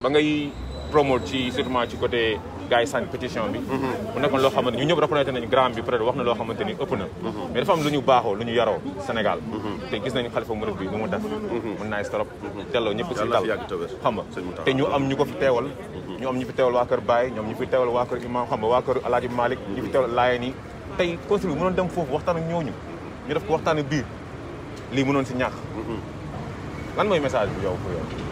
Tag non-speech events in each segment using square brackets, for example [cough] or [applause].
ba ngay promote ci surtout ci côté gars yi sànni bi mhm. mu nekkoon loo xamante ni ñu ñëpp reconnaître nañu grand bi peut être wax loo xamante ni ëpp na mhm. mais dafa am lu ñu baaxoo lu ñu yaroo Sénégal mhm. te gis nañu xalifa murid bi lu mu def mën naa trop delloo ñëpp si dal xam te ñu am ñu ko fi teewal ñu am ñu fi teewal waa kër Baye ñoom ñu fi teewal waa kër Imam xam nga waa kër Alaaji Malick ñu fi teewal Laayeen yi tey consul bi dem foofu waxtaan ñooñu ñu def ko waxtaan biir lii mënoon si message bi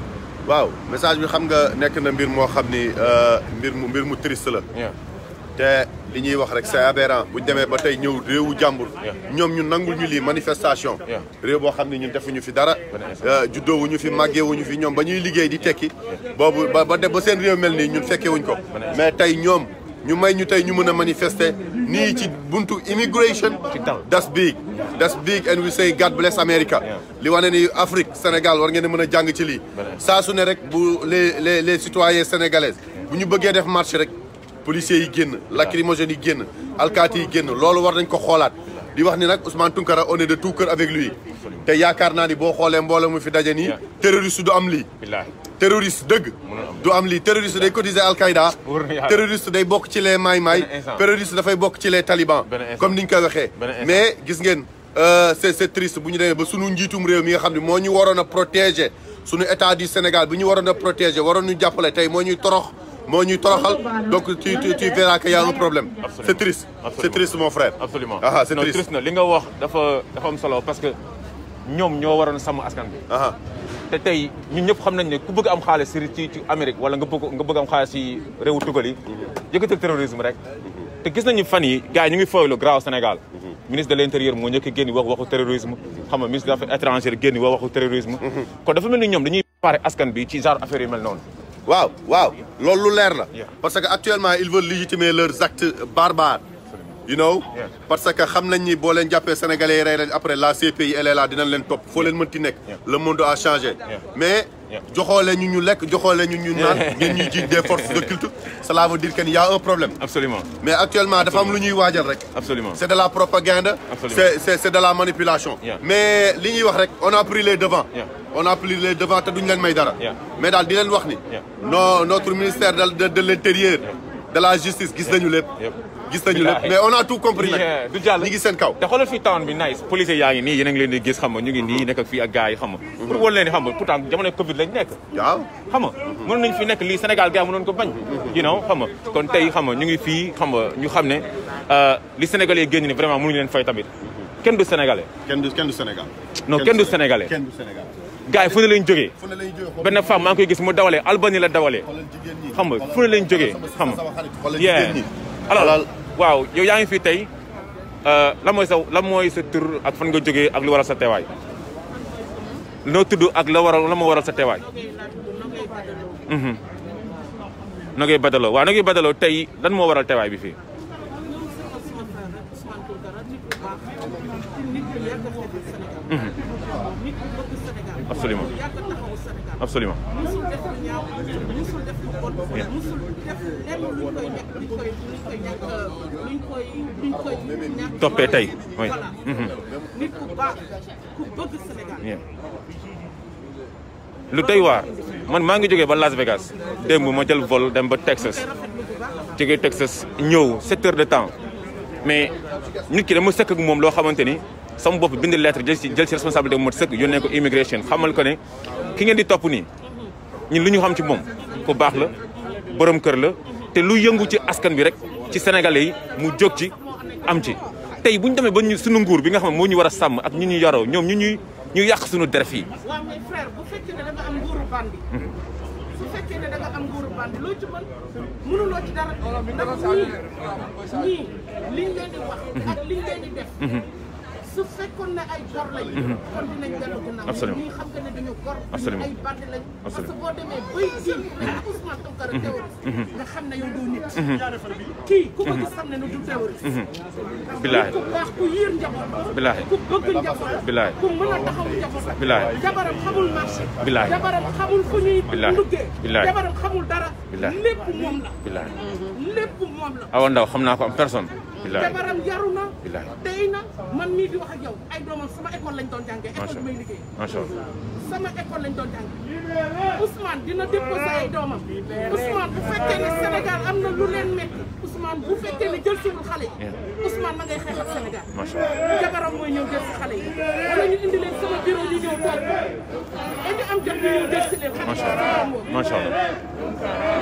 waaw message bi xam nga nekk na mbir moo xam ni euh, mbir mu mbir mu la. te li ñuy wax rek c'est aberrant bu ñu demee ba tey ñëw réewu jàmbur. ñoom ñu nangu ñu lii manifestation. réew boo xam ne ñun defuñu fi dara. Euh, juddoowuñu fi màggeewuñu fi ñoom ba ñuy liggéey di tekki. boobu ba ba seen réew mel nii ñun fekkewuñ ko. mais tey ñoom. ñu may ñu tey ñu mën a manifester nii ci buntu immigration. ci dal that's big. that's big and we say God bless America. li wane ni Afrique Sénégal war ngeen a mën a jàng ci lii. saa su ne rek bu les les les citoyens sénégalais bu ñu bëggee def marché rek policiers yi génn. lacrymogènes yi génn alkaati yi génn loolu war nañ ko xoolaat. di wax ni nag Ousmane Tounkara on est de tout cœur avec lui. te yaakaar naa ni boo xoolee mbooloo mu fi daje nii. terroriste du am lii. terroriste dëgg du am lii terroriste day cotiser Al-Qaïda terroriste day bokk ci les maay-maay terroriste dafay bokk ci les talibans comme ni ñu koy waxee mais gis ngeen euh, c'est c'est triste bu ñu demee ba suñu njiitum réew mi nga xam ne moo ñu waroon a protéger suñu état du Sénégal bu ñu waroon protégé protéger waroon ñu jàppale tey moo ñuy torox moo ñuy toroxal donc tu tu tu verras que a un problème. c'est triste c'est triste mon frère. absolument ah, c'est triste na li nga wax dafa solo parce que. ñoom ñoo waroon sàmm askan bi te tey ñun ñëpp xam nañ ne ku bëgg am xaalis ci ci Amérique wala nga bëgg nga bëgg am xaalis ci réewu tugal yi yëkkatal terrorisme rek te gis nañu fan yi gars yi ñu ngi fooy lu grave Sénégal ministre de l' intérieur moo ñëkk génn wax waxu terrorisme xam nga ministre des affaires étrangères génn wax waxu terrorisme kon dafa mel ni ñoom dañuy préparé askan bi ci genre affaire yu mel noonu waaw waaw lu leer la parce que actuellement ils veulent légitimer leurs actes you know parce que xam nañ ni boo leen jàppee sénégalais yi rey leen après la CPI elle est là leen topp foo leen mënti nekk le monde a changé mais joxoo leen ñu ñu lekk joxoo leen ñu ñu naan [laughs] ngeen ñuy jiit des forces de culture cela dire que y a un problème mais actuellement dafa lu ñuy waajal rek absolument c'est de la propagande c'est c'est c'est de la manipulation mais li ñuy wax rek on a pris les devants on a pris les devants te duñ leen may dara mais daal di leen wax ni non notre ministère de de l'intérieur de la justice gis nañu gis nañu lépp mais on a tout compris nag du jàll ñu ngi seen kaw te xoolal a ngi leen di ko bañ mhm. you know xam nga kon tey xam fii xam nga ñu xam ne euh, li Sénégalais yi génn ni vraiment mënuñu leen fay tamit mhm. kenn du Sénégalais kenn du Sénégal non kenn du Sénégalais kenn du Sénégal gars yi fu ne lañ jógee benn femme maa ngi koy gis mu dawalee Albanie la dawalee xam nga fu ne lañ jógee xam nga alors waaw yow yaa ngi fii tey euh, la mooy sa lan mooy sa tur ak fan nga jógee ak lu waral sa teewaay. noo tudd ak la waral la ma waral sa teewaay. Mhm. Nogaye badaloo waaw Nogaye Badalo tey lan moo waral teewaay bi fii. Mhm. absolument. absolument toppee tey mhm. lu tey waa man maa ngi jógee ba Las Vegas démb ma jël vol dem ba Texas jógee Texas ñëw sept heures de temps mais nit ki dama sëkk ak moom loo xamante ni sama bopp bind lettre jël ci jël ci responsabilité bu mot sëkk yónnee ko immigration xamal ko ne. ki ngeen di topp nii ñun lu ñu xam ci moom ku baax la boroom kër la te lu yëngu ci askan bi rek ci sénégalais yi mu jóg ci am ci. tey bu ñu demee ba ñu sunu nguur bi nga xam ne moo ñu war a sàmm ak ñu ñuy yaroo ñoom ñu ñuy ñu yàq sunu der fii. dara. ndax ñii su fekkoon ne ay gor lañ. Mhm. kon dinañ dellu ginnaaw. absolument ñii xam nga ne dañu gor. absolument ay bandi lañ. parce que boo demee bay jiw. même mhm. Ousmane Tounkara mhm. terroriste. nga xam ne yow doo nit. kii ku ko gis xam ne ne du terroriste. bilaahi ku baax ku yiir njaboot. bilaahi ku bëgg njaboot. bilaahi ku mën a taxaw njaboot. bilaahi jabaram xamul marché. bilaahi jabaram xamul fu ñuy. bilaahi duggee jabaram xamul dara. bilaahi lépp moom la. bilaahi lépp moom la. awa ndaw xam naa ko am personne. bilaahi jabaram yaru na. tey na man mii di wax ak yow ay doomam sama école lañ doon jàngee école bi may liggéey sama école lañ doon jàng Ousmane dina déposé ay doomam Ousmane bu fekkee ne Sénégal am na lu leen métti Ousmane bu fekkee ne jël siwul xale yi Ousmane ma ngay xeex ak Sénégal jabaram mooy ñëw jël si xale yi wala ñu indi leen sama bureau ñu ñëw toog dañu am jot ñu ñëw jël si leen macha allah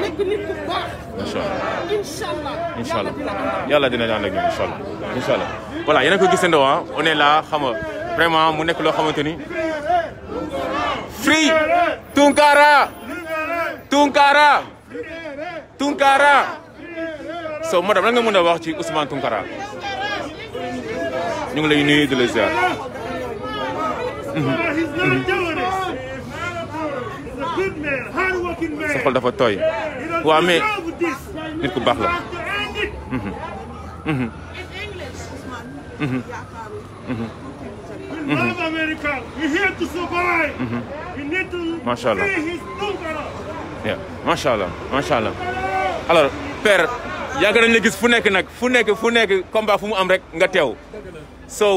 nekk nit ku baax macha allah incha allah incha allah yàlla dina daan ak ñoom incha allah incha allah voilà yéen a ko gisandoo ah. on est là xam nga vraiment mu nekk loo xamante ni Free Tunkara Tunkara Tunkara so madame lan nga mën a wax ci Ousmane Tunkara ñu ngi lay nuyu di la ziar dafa tooy waaw mais nit ku baax la Mm-hmm. Mm-hmm. macha allah yeah macha allah macha allah alors père yàgg nañ la gis fu nekk nag fu nekk fu nekk combat fu mu am rek nga teew so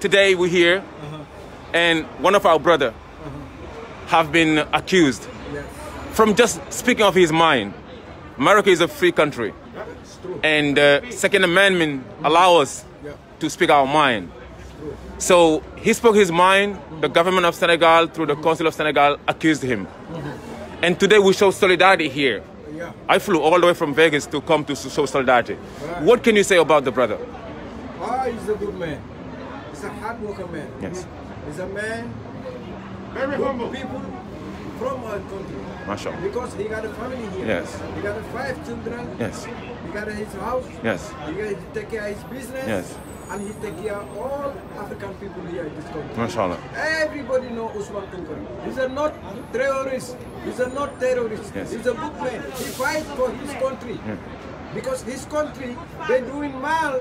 today we here uh -huh. and one of our brother uh -huh. have been accused yes. from just speaking of his mind Morocco is a free country and uh, second amendment allow us yeah. to speak our mind So he spoke his mind. The government of Senegal, through the Council of Senegal, accused him. And today we show solidarity here. I flew all the way from Vegas to come to show solidarity. What can you say about the brother? Ah, he's a good man. He's a hard worker man. Yes. He's a man. Very humble. People from our country. Mashallah. Because he got a family here. Yes. He got five children. Yes. He got his house. Yes. He got to take care of his business. Yes. and he take care of all African people here in this country. Mashallah. Everybody know Usman Tunkara. He's a not terrorist. He's a not terrorist. Yes. He's a good man. He fight for his country. Yeah. Because his country, they doing mal.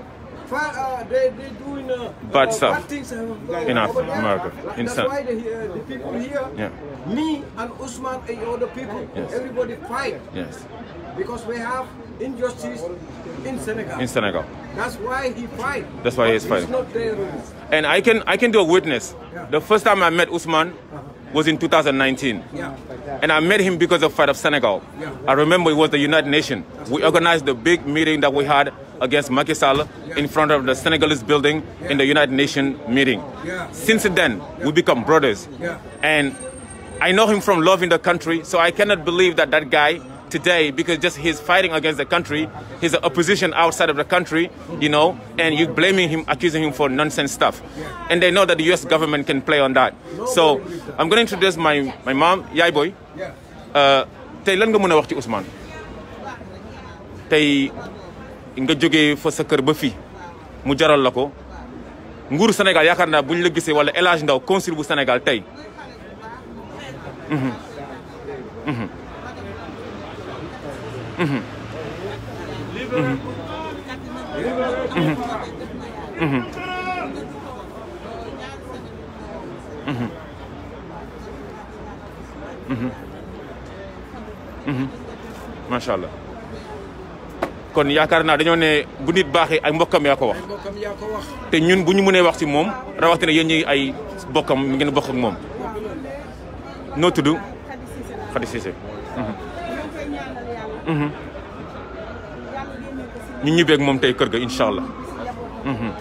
Uh, they, they doing uh, bad uh, stuff bad things, uh, in America. Like, in that's why the, the people here, yeah. me and Usman and all the people, yes. everybody fight. Yes. Because we have injustice in Senegal. In Senegal. That's why he fight. That's why he's fighting. Not there. And I can I can do a witness. Yeah. The first time I met Usman uh-huh. was in 2019. Yeah. And I met him because of fight of Senegal. Yeah. I remember it was the United Nations. We organized the big meeting that we had against Macky Sall yeah. in front of the Senegalese building in the United Nations meeting. Since then, we become brothers. And I know him from loving the country, so I cannot believe that that guy today because just he's fighting against the country. He's an opposition outside of the country, you know, and you're blaming him, accusing him for nonsense stuff. And they know that the U.S. government can play on that. So I'm going to introduce my, mom, Yai Boy. Uh, tey lan nga mën a wax ci Ousmane tey nga jógee fa sa kër ba fii mu jaral la ko nguuru Sénégal yaakaar naa bu ñu la gisee wala El Hadj Ndao consul bu Sénégal tey. Mhm. Mhm. macha allah kon yaakaar naa dañoo ne bu nit baaxee ay mbokkam yaa ko wax te ñun bu ñu mënee wax ci moom rawatina yéen ñi ay bokkam ngeen bokk moom noo tudd Khady Cissé Mm-hmm. ñu ñibbeeg moom tey kër ga incha allah. Mm-hmm.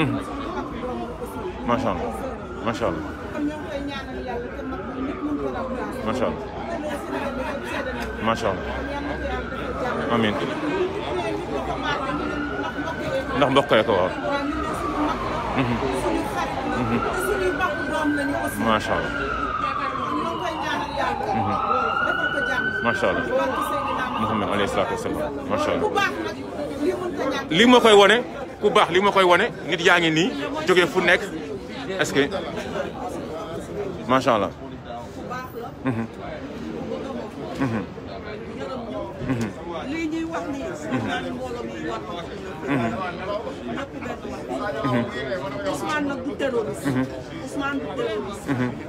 Mm-hmm. macha allah macha allah. macha allah. macha allah. amiin. ndax mbokk ko waaw. macha allah. macha allah Muhammad alayhi salaatu wasalaam macha allah li ma koy wone ku baax li ma koy wone nit yaa ngi nii jógee fu nekk est-ce que macha allah. Mhm. Mhm. lii ñuy wax nii. Mhm. Ousmane nag du terroriste. Ousmane du terroriste.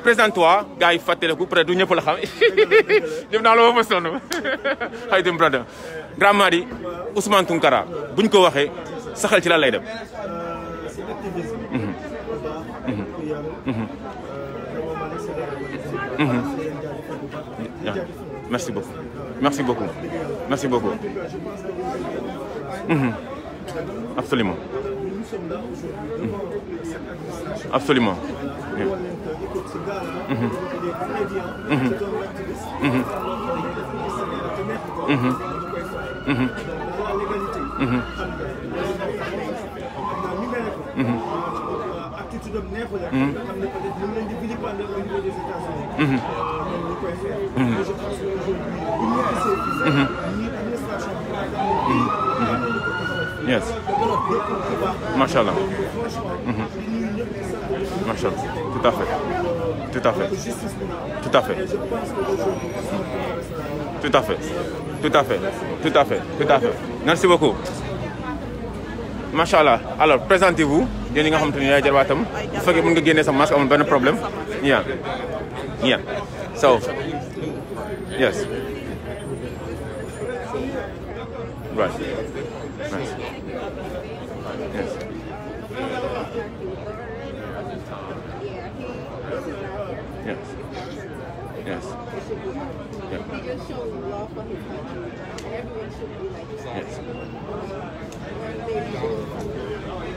présente toi gars yi fàttaliku peut être du ñëpp la xam [laughs] ñëpp naa la woo ma sonn Khadim [laughs] brother Grand Madi buñ ko waxe saxal ci lan lay dem. merci beaucoup absolument. absolument. Yes. Macha Machal, tout à fait. Tout à fait. Tout à fait. Tout à fait. Tout à fait. Tout à fait. Tout à fait. Merci beaucoup. macha allah alors présentez vous yéen ñi nga xamante ni yaay jarbaatam bu fekkee mën nga génnee sa masque amul benn problème yeah yeah so yes right yes Yes. Yes. Yep. It shows love for his country. And everyone should be like that. Yes.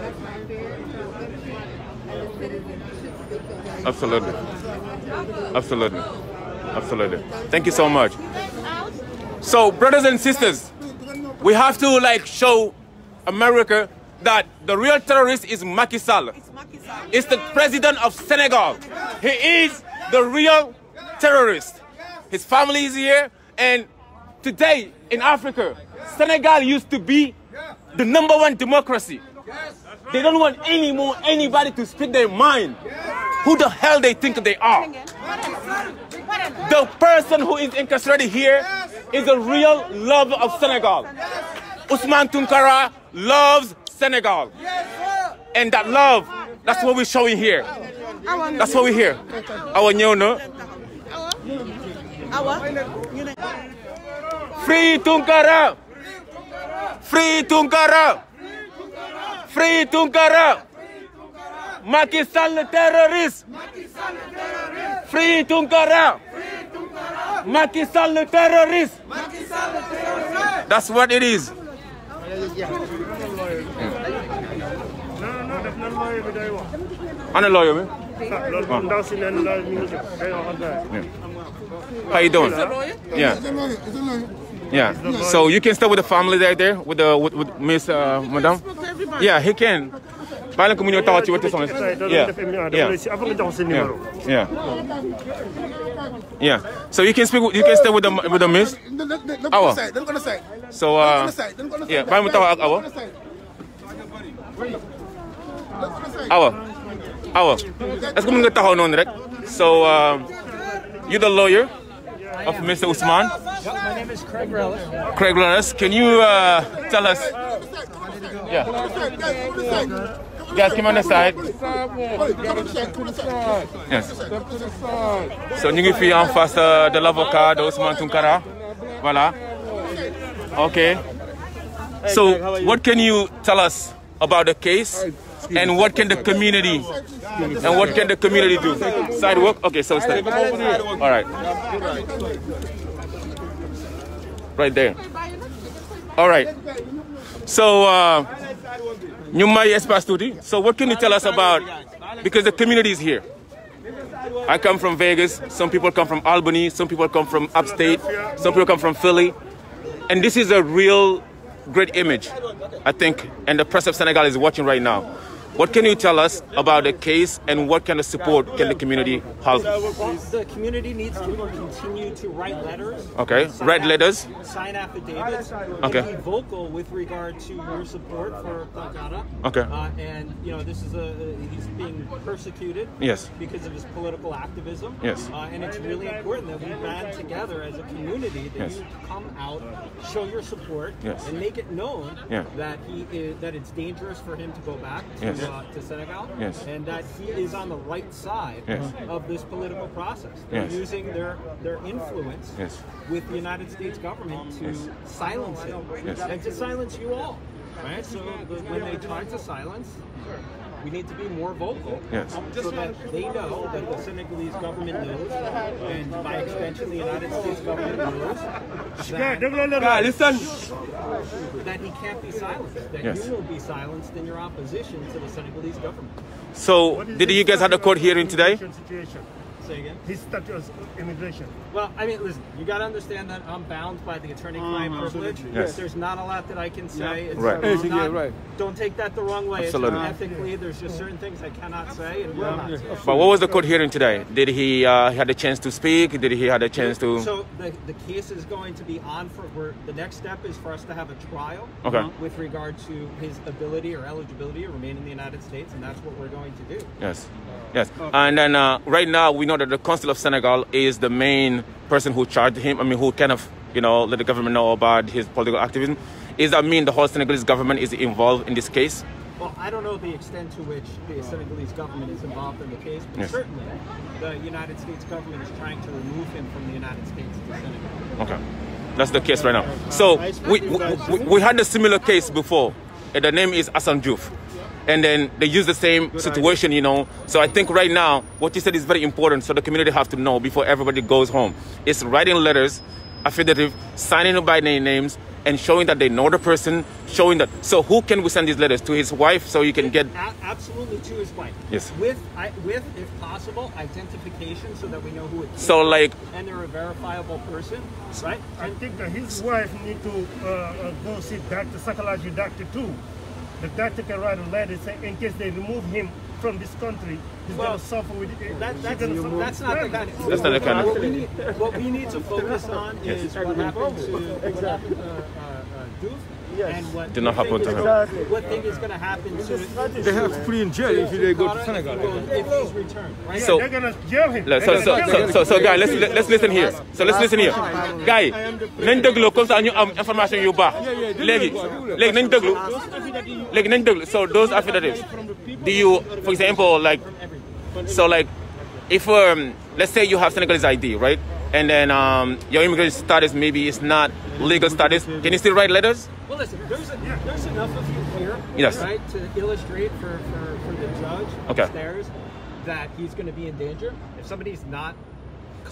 That's my fair. As a citizen, you should speak your language. Absolutely. Absolutely. Absolutely. Thank you so much. So, brothers and sisters, we have to like show America that the real terrorist is Macky Sall. It's, Macky Sall. it's the president of Senegal. He is the real terrorist. His family is here. And today in Africa, Senegal used to be the number one democracy. They don't want any more anybody to speak their mind. Who the hell they think they are? The person who is incarcerated here is a real lover of Senegal. Usman Tunkara loves Senegal. And that love, that's what we're showing here. that's what we hear awa ñëw na free Tunkara free Tunkara free Tunkara Macky Sall free Tunkara Macky Sall that's what it is ana lawyer bi Yeah. How you doing? Yeah. Yeah. So you can stay with the family right there with the with, with Miss uh, Madame. Yeah, he can. bàyyi ko mu ñëw tawaat ci wetu soxna si. yeah yeah yeah yeah so you can speak you can stay with the with the miss. awa so uh, yeah bàyyi mu taxaw ak awa. awa. Awa, est-ce que mën nga taxaw noonu rek. So, um, uh, you're the lawyer of Mr. Usman. Yep, my name is Craig Rellis. Craig Rellis, can you uh, tell us? Yeah. Guys, come on the side. Yes. So ñu ngi fii en face de l'avocat de Ousmane Tounkara. Voilà. Okay. So, what can you tell us about the case? And what can the community and what can the community do? Sidewalk? Okay, so it's like, all right. Right there. All right. So, uh, Nyumai Espace Tutti, so what can you tell us about, because the community is here. I come from Vegas, some people come from Albany, some people come from upstate, some people come from Philly. And this is a real great image, I think, and the press of Senegal is watching right now. What can you tell us about the case and what kind of support can the community have? The community needs to continue to write letters. Okay, write letters. Sign affidavits. Okay. Be vocal with regard to your support for Plagada. Okay. Uh, and, you know, this is a, he's being persecuted. Yes. Because of his political activism. Yes. Uh, and it's really important that we band together as a community that yes. you come out, show your support, yes. and make it known yeah. that he is, that it's dangerous for him to go back to yes. uh, to Senegal. Yes. And that he is on the right side yes. of this political process. They're yes. using their, their influence with the United States government to silence him and to silence you all. Right? So when they tried to silence we need to be more vocal so that they Senegalese government knows, and that, that can't be silenced, in your opposition to the Senegalese government. So, did you guys have a court hearing today? Say again? His status immigration. Well, I mean, listen, you got to understand that I'm bound by the attorney-client um, privilege. Yes. There's not a lot that I can say. Yep. Right. Anything, not, yeah, right. Don't take that the wrong way. Absolutely. It's unethically. There's just certain things I cannot Absolutely. say and will yeah. not yeah. say. But what was the court hearing today? Did he uh, had a chance to speak? Did he had a chance to? So the, the case is going to be on for, we the next step is for us to have a trial okay. with regard to his ability or eligibility to remain in the United States, and that's what we're going to do. Yes. Yes. Okay. And then uh, right now, we know that that the Council of Senegal is the main person who charged him, I mean, who kind of, you know, let the government know about his political activism. Is that mean the whole Senegalese government is involved in this case? Well, I don't know the extent to which the Senegalese government is involved in the case, but yes. certainly the United States government is trying to remove him from the United States to Senegal. Okay. That's the case right now. Uh, so we, we, we had a similar case before. And the name is Assam Diouf. and then they use the same Good situation, idea. you know. So I think right now, what you said is very important. So the community have to know before everybody goes home. It's writing letters, affidavit, signing by their names, and showing that they know the person. Showing that. So who can we send these letters to? His wife, so you can get absolutely to his wife. Yes. With I, with if possible identification, so that we know who it is. So like. And they're a verifiable person, right? I think that his wife need to uh, uh go see doctor, psychology doctor too. the doctor can write a letter saying in case they remove him from this country, he's well, going to suffer with it. That, that's, that's, not the kind of, that's not the kind of. What we need, what we need to focus on yes. is what happened to exactly. what happened, uh, uh, uh, Doof yes. and what did not happen to him. Exactly. What thing is going to happen to it? They have put in jail if they go to Senegal. If he's returned, right? So they're going to jail him. So so so so, so guy, let's let's listen here. So let's listen here. Guy, nañ déglu comme ça ñu am information yu baax. léegi léegi nañ déglu. léegi nañ déglu. So those affidavits, do you, for example, like, so like, if um, let's say you have Senegalese ID, right? and then um, your immigration status maybe is not legal status. Can you still write letters? Well, listen, there's, a, there's enough of you here, yes. right, to illustrate for, for, for the judge okay. upstairs that he's going to be in danger. If somebody's not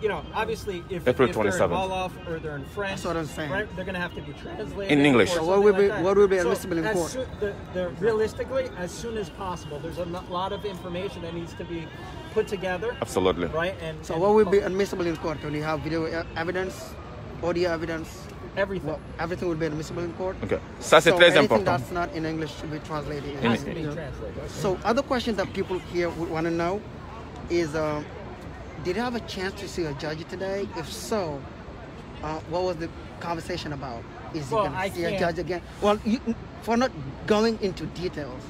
you know, obviously, if, April if 27th. they're in Wolof or they're in French, right, they're going to have to be translated. In English. So what will like be, that. what will be admissible so in court? The, the, realistically, as soon as possible, there's a lot of information that needs to be put together. Absolutely. Right? And, so and what will be admissible in court? When you have video uh, evidence, audio evidence? Everything. Well, everything would be admissible in court. Okay. Ça, c'est so très important. that's not in English should be translated. In, in, in, translated. Okay. So other question that people here would want to know is... Uh, did you have a chance to see a judge today? If so, uh, what was the conversation about? Is well, he going to see can't. a judge again? Well, you, for not going into details,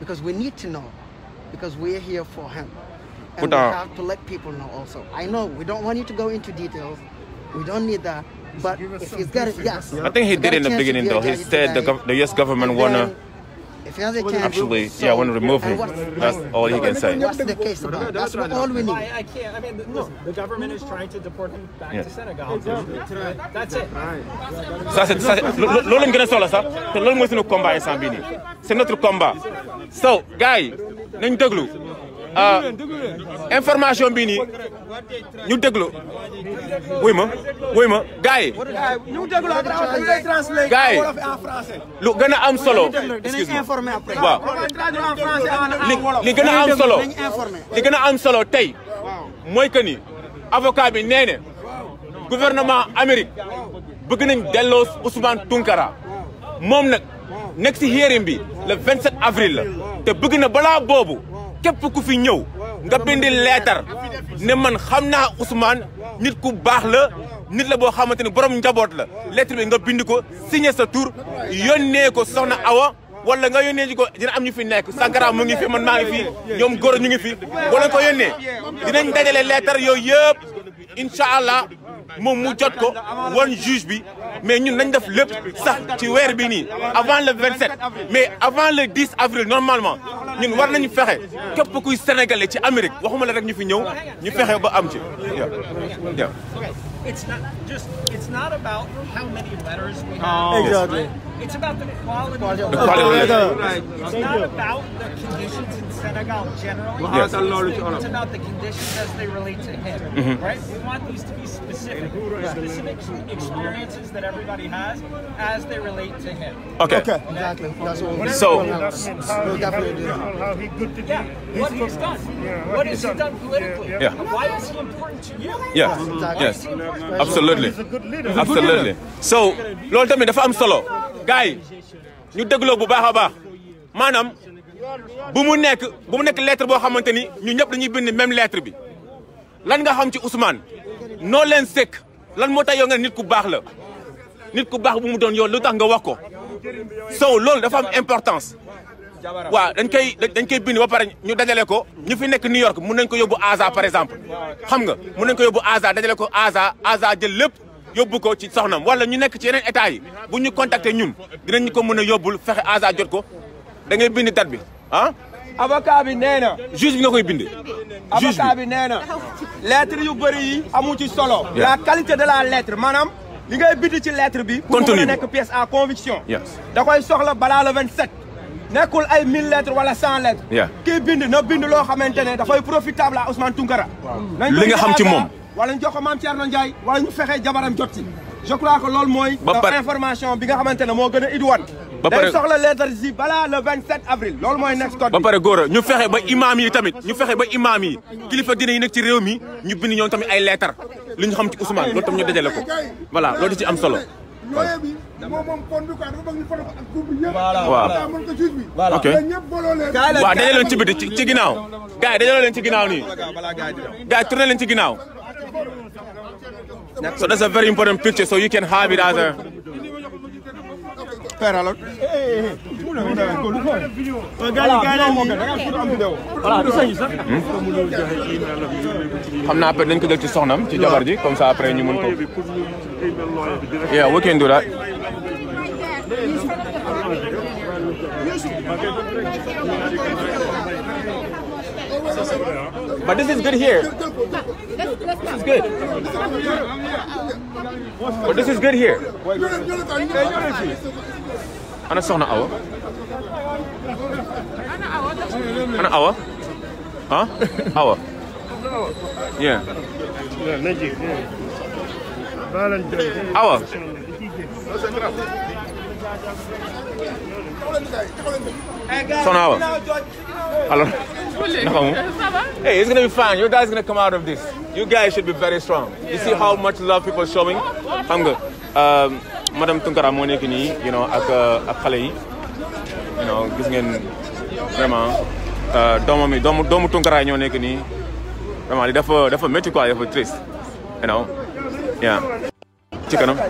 because we need to know, because we're here for him. And Put we have to let people know also. I know we don't want you to go into details. We don't need that. But if he's got it, yes. I think he did in the beginning, though. He said today, the, the U.S. government want to Actually, yeah, I want to remove him. That's all he can say. What's the case about? That's all we need. I, I can't. I mean, listen, the government is trying to deport him back yeah. to Senegal. That's it. Ça c'est ça loolu lañ gën a soxla sax te loolu mooy suñu combat instant bii nii c'est notre combat so gars yi nañ déglu. Euh, information bi ni ñu déglu wuy ma wuy ma gars yi. gars lu gën a am solo. waaw li gën a am solo li gën a am solo tey mooy que ni avocat bi nee gouvernement Amérique bëgg nañ delloo Ousmane Tounkara moom nag nekk si hearing bi le 27 la te bëgg na balaa boobu. képp ku fi ñëw nga bindi leetar ne man xam naa Ousmane nit ku baax la nit la boo xamante ne borom njaboot la lettre bi nga bind ko signé sa tur yónnee ko soxna Awa wala nga yónnee ji ko dina am ñu fi nekk Sankara mu ngi fi man maa ngi fi ñoom góor ñu ngi fi wala ko yónnee dinañ dajale leetar yooyu yëpp incha allah moom mu jot ko wan juge bi mais ñun nañ def lépp sax ci weer bi nii avant le 27 mais avant le 10 avril normalement ñun war nañu fexe képp kuy sénégalais ci Amérique waxuma la rek ñu fi ñëw ñu fexe ba am ci yeah it's not just It's about the quality. The quality. It's right. not Thank about you. the conditions in Senegal generally. Yes. It's, it's about the conditions as they relate to him, mm -hmm. right? We want these to be specific, specific experiences that everybody has as they relate to him. Okay. Okay. Exactly. That's what we're so, we'll definitely do that. How he good to yeah. He's what he's done. Yeah, what, what has he done politically? Yeah. yeah. Why is he important to you? Yeah. Yes. Exactly. yes. Absolutely. Absolutely. So, loolu tamit dafa am solo. gars yi ñu dégloo bu baax a baax maanaam bu mu nekk bu mu nekk lettre boo xamante ni ñu ñëpp dañuy bind même lettre bi lan nga xam ci Ousmane noo leen sëkk lan moo tax yow nga nit ku baax la nit ku baax bu mu doon yow lu tax nga wax ko Sow loolu dafa am importance waa dañ koy dañ koy bind ba ñu dajale ko ñu fi nekk New York mun nañ ko yóbbu Aza par exemple xam nga mu nañ ko yóbbu Aza dajale ko Aza Aza jël lépp yóbbu ko ci soxnam wala ñu nekk ci yeneen état yi bu ñu contacter ñun dinañ ko mën a yóbbul fexe asa jot ko da ngay bind date bi ah. avocat bi nee na. juge bi nga koy bind. juge bi nee na lettre yu bëri amu ci solo. la qualité de la letre maanaam. li ngay bind ci lettre bi. pour mu mën a nekk pièce à conviction. da koy soxla balaa vingt 27. nekkul ay 1000 lettres wala 100 lettres. kii bind na bind loo xamante ne dafay profitable à Ousmane Tounkara. li nga xam ci moom wala ñu jox ko maam Thierno Ndiaye wala ñu fexe jabaram jot ci je crois que loolu mooy information bi nga xamante ne moo gën a idiwan ba pare day soxla lettre ji balaa le 27 avril loolu mooy next code ba pare góora ñu fexe ba imaam yi tamit ñu fexe ba imaam yi kilifa dina yi nekk ci réew mi ñu bind ñoom tamit ay lettre li ñu xam ci Ousmane loolu tam ñu dajale ko voilà loolu di ci am solo looyee bi moom moom kon bi quoi dafa bëgg ñu foto ak coupe bi yëpp. voilà mën ko juge bi. voilà ok waaw dajale leen ci biti ci ginnaaw. gars yi dajale leen ci ginnaaw nii. gars yi tourné leen ci ginnaaw. So that's a very important picture, so you can have it as a. Parallel. xam naa peut nañ ko def ci soxnam ci jabar ji comme ça après ñu mën ko. yeah we can do that. But this is good here. This is good. But this is good here. Ana soxna Awa. Ana Awa. Huh? Awa. Yeah. Awa. Sonawa. Hello. Hey, it's going to be fine. You guys are going to come out of this. You guys should be very strong. You see how much love people are showing? Hunger. Um, Madame Tunkara moo nekk nii you know ak uh, ak xale yi you know gis ngeen vraiment uh, doomam yi doomu doomu Tunkara ñoo nekk nii vraiment li dafa dafa métti quoi dafa triste you know yeah ci kanam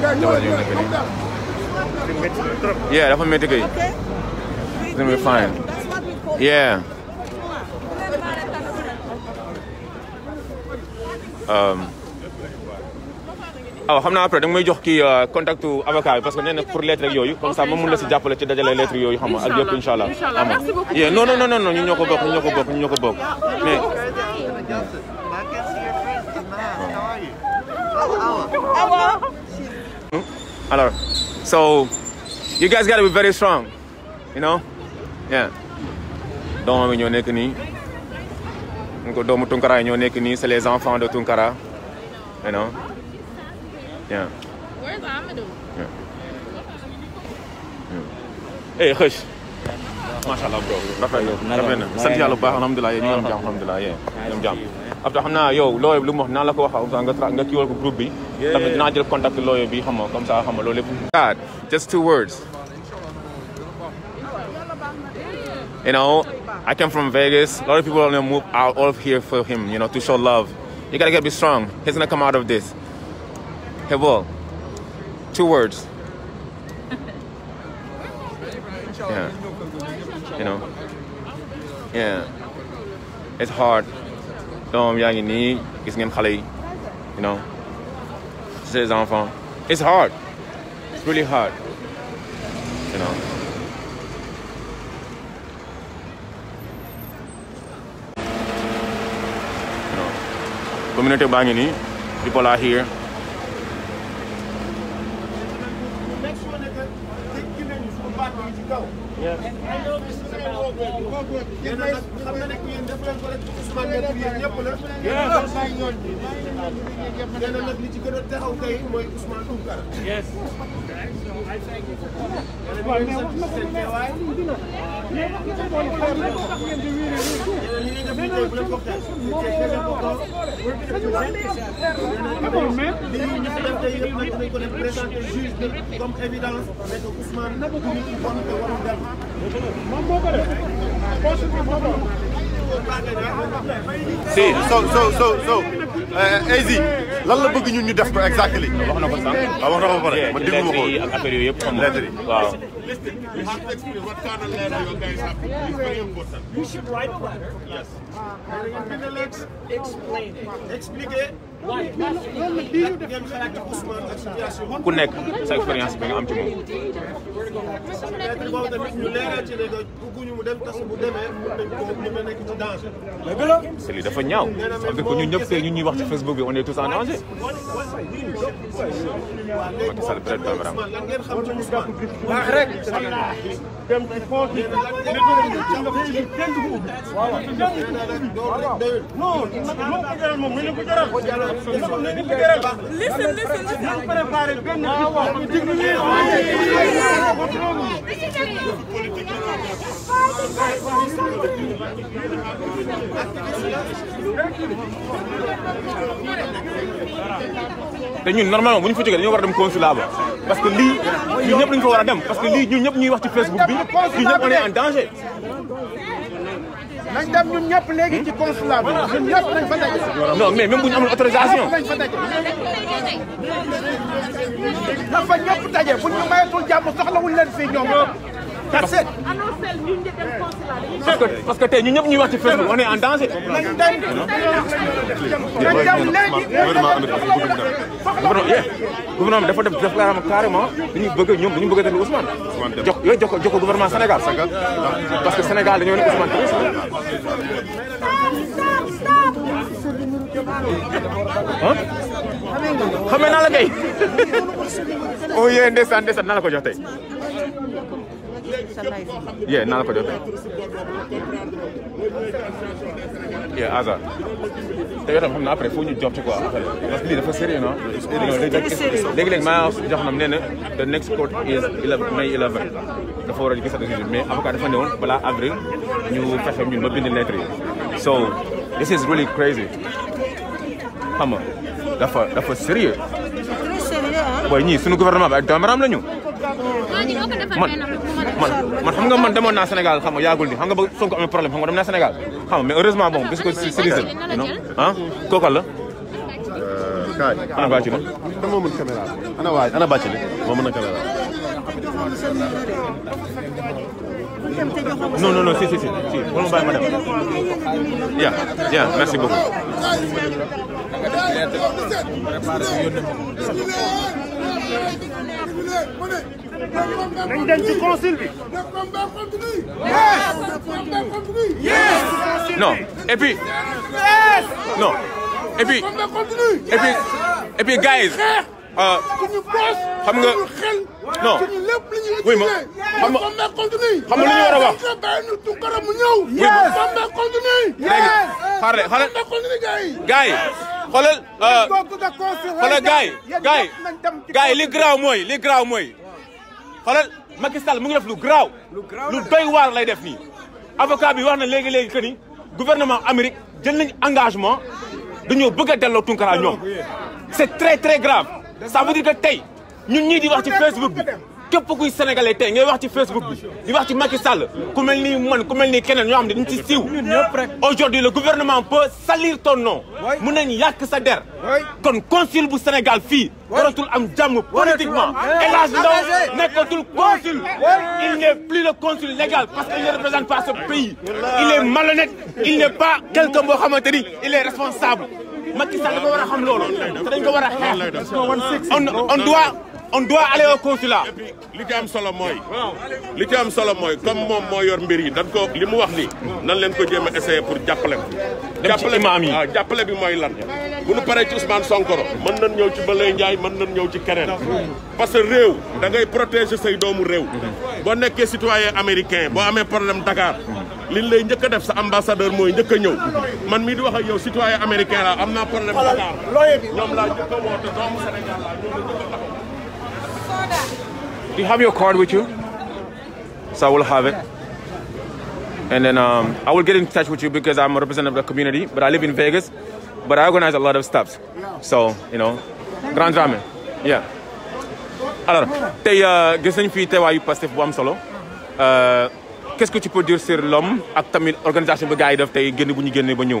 jamono yu nekk nii. yeah dafa métti kay. it's gonna um, xam naa après da nga may jox kii euh, contact avocat bi parce que nee na pour lettre yooyu comme ça ma la si jàppale ci dajale lettre yooyu xam nga ak yëpp incha allah. yeah ñu ñoo ko bokk ñu ñoo ko bokk Alors, so you guys gotta be very strong, you know? Yeah. doomam yi ñoo nekk nii ñu ko doomu Tunkara yi ñoo nekk nii c'est les enfants de Tunkara, you know? Yeah. Where's Amadou? Yeah. Yeah. Hey, xëy. macha allah bro rafet na rafet na sant yàlla bu baax alhamdulilah yéen ñu am jàmm alhamdulilah yéen ñu am jàmm après xam naa yow looyo bi lu mu wax naa la ko wax nga nga kiiwal ko groupe bi tamit dinaa jël contact looyo bi xam nga comme ça xam nga loolu lépp God just two words you know I came from Vegas a lot of people are going to move out all of here for him you know to show love you gotta get be strong he's gonna come out of this hey well two words yeah you know yeah it's hard doom yaa ngi nii gis ngeen xale yi you know ces enfants it's hard it's really hard you know communauté baa ngi nii people are yéen nag xam na ne yéen def leen ko rek Ousmane nekk yéen ñëpp la. yéen nag li ci gën a taxaw kay mooy Ousmane Tounkara. yes. comme évidence mais que Ousmane nit ku bon te warul dem. si so so so so eh, Azy lan la bëgg ñun ñu def ko exactly wax na ko sànq eh, waaw wax na ko ba pare man déglu ma ko ak affaire yooyu yëpp xam nga lettre yi waaw You should explain what kind of letter you guys have. It's very important. You should write a letter. Yes. Uh, and in the letter, explain it. Explique it. ku nekk sa expérience bi nga am ci moom. te li dafa ñaaw. parce que ñun ñëpp tey ñun ñuy wax ci Facebook bi on est tous en danger. Macky Sall peut-être pas vraiment. baax rek. dem ci fond bi. waaw waaw. non non. Listen, listen, te ñun normalement bu ñu fa jógee dañoo war a dem consulat ba parce que lii ñun ñëpp dañu fa war a dem parce que lii ñun ñëpp ñuy wax ci Facebook bi ñun ñëpp on en danger. nañ dem ñun ñëpp léegi ci consulat bi ñun ñëpp nañ fa daje. non mais même bu ñu amul autorisation. nañ fa daje. dafa ñëpp daje bu ñu mayatul jàmm fii ñoom. parce que parce que tey ñu ñëpp ñuy wax ci Facebook on est en danger. gouvernement dafa def def carrément dañu bëgg ñoom dañu bëgg a def Ousmane. jox yooyu jox ko jox ko gouvernement Sénégal. parce que Sénégal dañoo ne Ousmane xamee naa la kay. oh yee ndeysaan ndeysaan naa la ko jox tey. Yeah, naa la ko joxe. Yeah, Aza. te yow tam après foo ñu jot ci quoi parce que lii dafa sérieux non. léegi maa jox na nee ne ne the next court is May 11 dafa war a mais avocat dafa newoon balaa avril ñu fexe ñun ma bind lettre so this is really crazy xam nga dafa dafa sérieux. très sérieux ñii suñu gouvernement bi ak doomaram man man man xam nga man demoon naa Sénégal xam nga yaagul ni xam nga ba Sonko amee problème xam nga dem naa Sénégal xam nga mais heureusement bon parce que c'est risé non ah kookal la kaay ana bàcci la dama mën caméra ana waay ana bàcci la moo mën a caméra non non non si si si si wala mu bàyyi ma dem ya ya merci beaucoup nañ dem ci consul bi. yes. non et puis. yes. non et puis. et puis et puis guys. Euh, xam nga non oui ma xam nga xam nga lu ñu war a wax. oui ma léegi xaaral xaaral gars yi. xoolal euh, xoolal gars yi gars yi li garaaw mooy li garaaw mooy xoolal Macky Sall mu ngi def lu garaaw lu doy waar lay def nii avocat bi wax na léegi-léegi que ni gouvernement Amérique jël nañ engagement dañoo bëgg a delloo Tunkara ñoom c'est très très grave ça veut dire tey ñu ñii di wax ci Facebook bi képp kuy sénégalais tey ngay wax ci Facebook bi di wax ci Macky Sall ku ni man ku mel ni keneen ñoo xam ne dañ ci siiw aujourd'hui le gouvernement peut salir ton nom mun nañ yàq sa der kon consul bu Sénégal fii waratul am jàmm politiquement ah, El Hadj Ndao nekkatul consul il n'est plus le consul légal parce qu'il ne représente pas ce pays il est malhonnête il n'est pas quelqu'un boo xamante il est responsable Macky Sall dafa war a xam loolu te dañ ko war a on doit aller au consulat. li ci am solo mooy. li ci am solo mooy comme moom moo yor mbir yi dañ ko li mu wax nii. nan leen ko jéem a essayer pour jàppale ko. dem ci imaam yi jàppale bi mooy lan. bu nu paree ci Ousmane Sonkoro. mën nañ ñëw ci Balaye Ndiaye mën nañ ñëw ci keneen. parce que réew. da ngay protéger say doomu réew. boo nekkee citoyen américain boo amee problème Dakar. liñ lay njëkk a def sa ambassadeur mooy njëkk a ñëw man mii di wax ak yow citoyen américain la am naa problème Dakar ñoom laa njëkk Do you have your card with you? So I will have it. And then um, I will get in touch with you because I'm a representative of the community, but I live in Vegas, but I organize a lot of stuff. So, you know, grand drama. Yeah. Alors, tey euh, gis nañ fii teewaayu Pastef bu am solo. Euh, qu'est-ce que tu peux dire sur l'homme ak tamit organisation bi gars yi def tey génn bu ñu génne ba ñëw.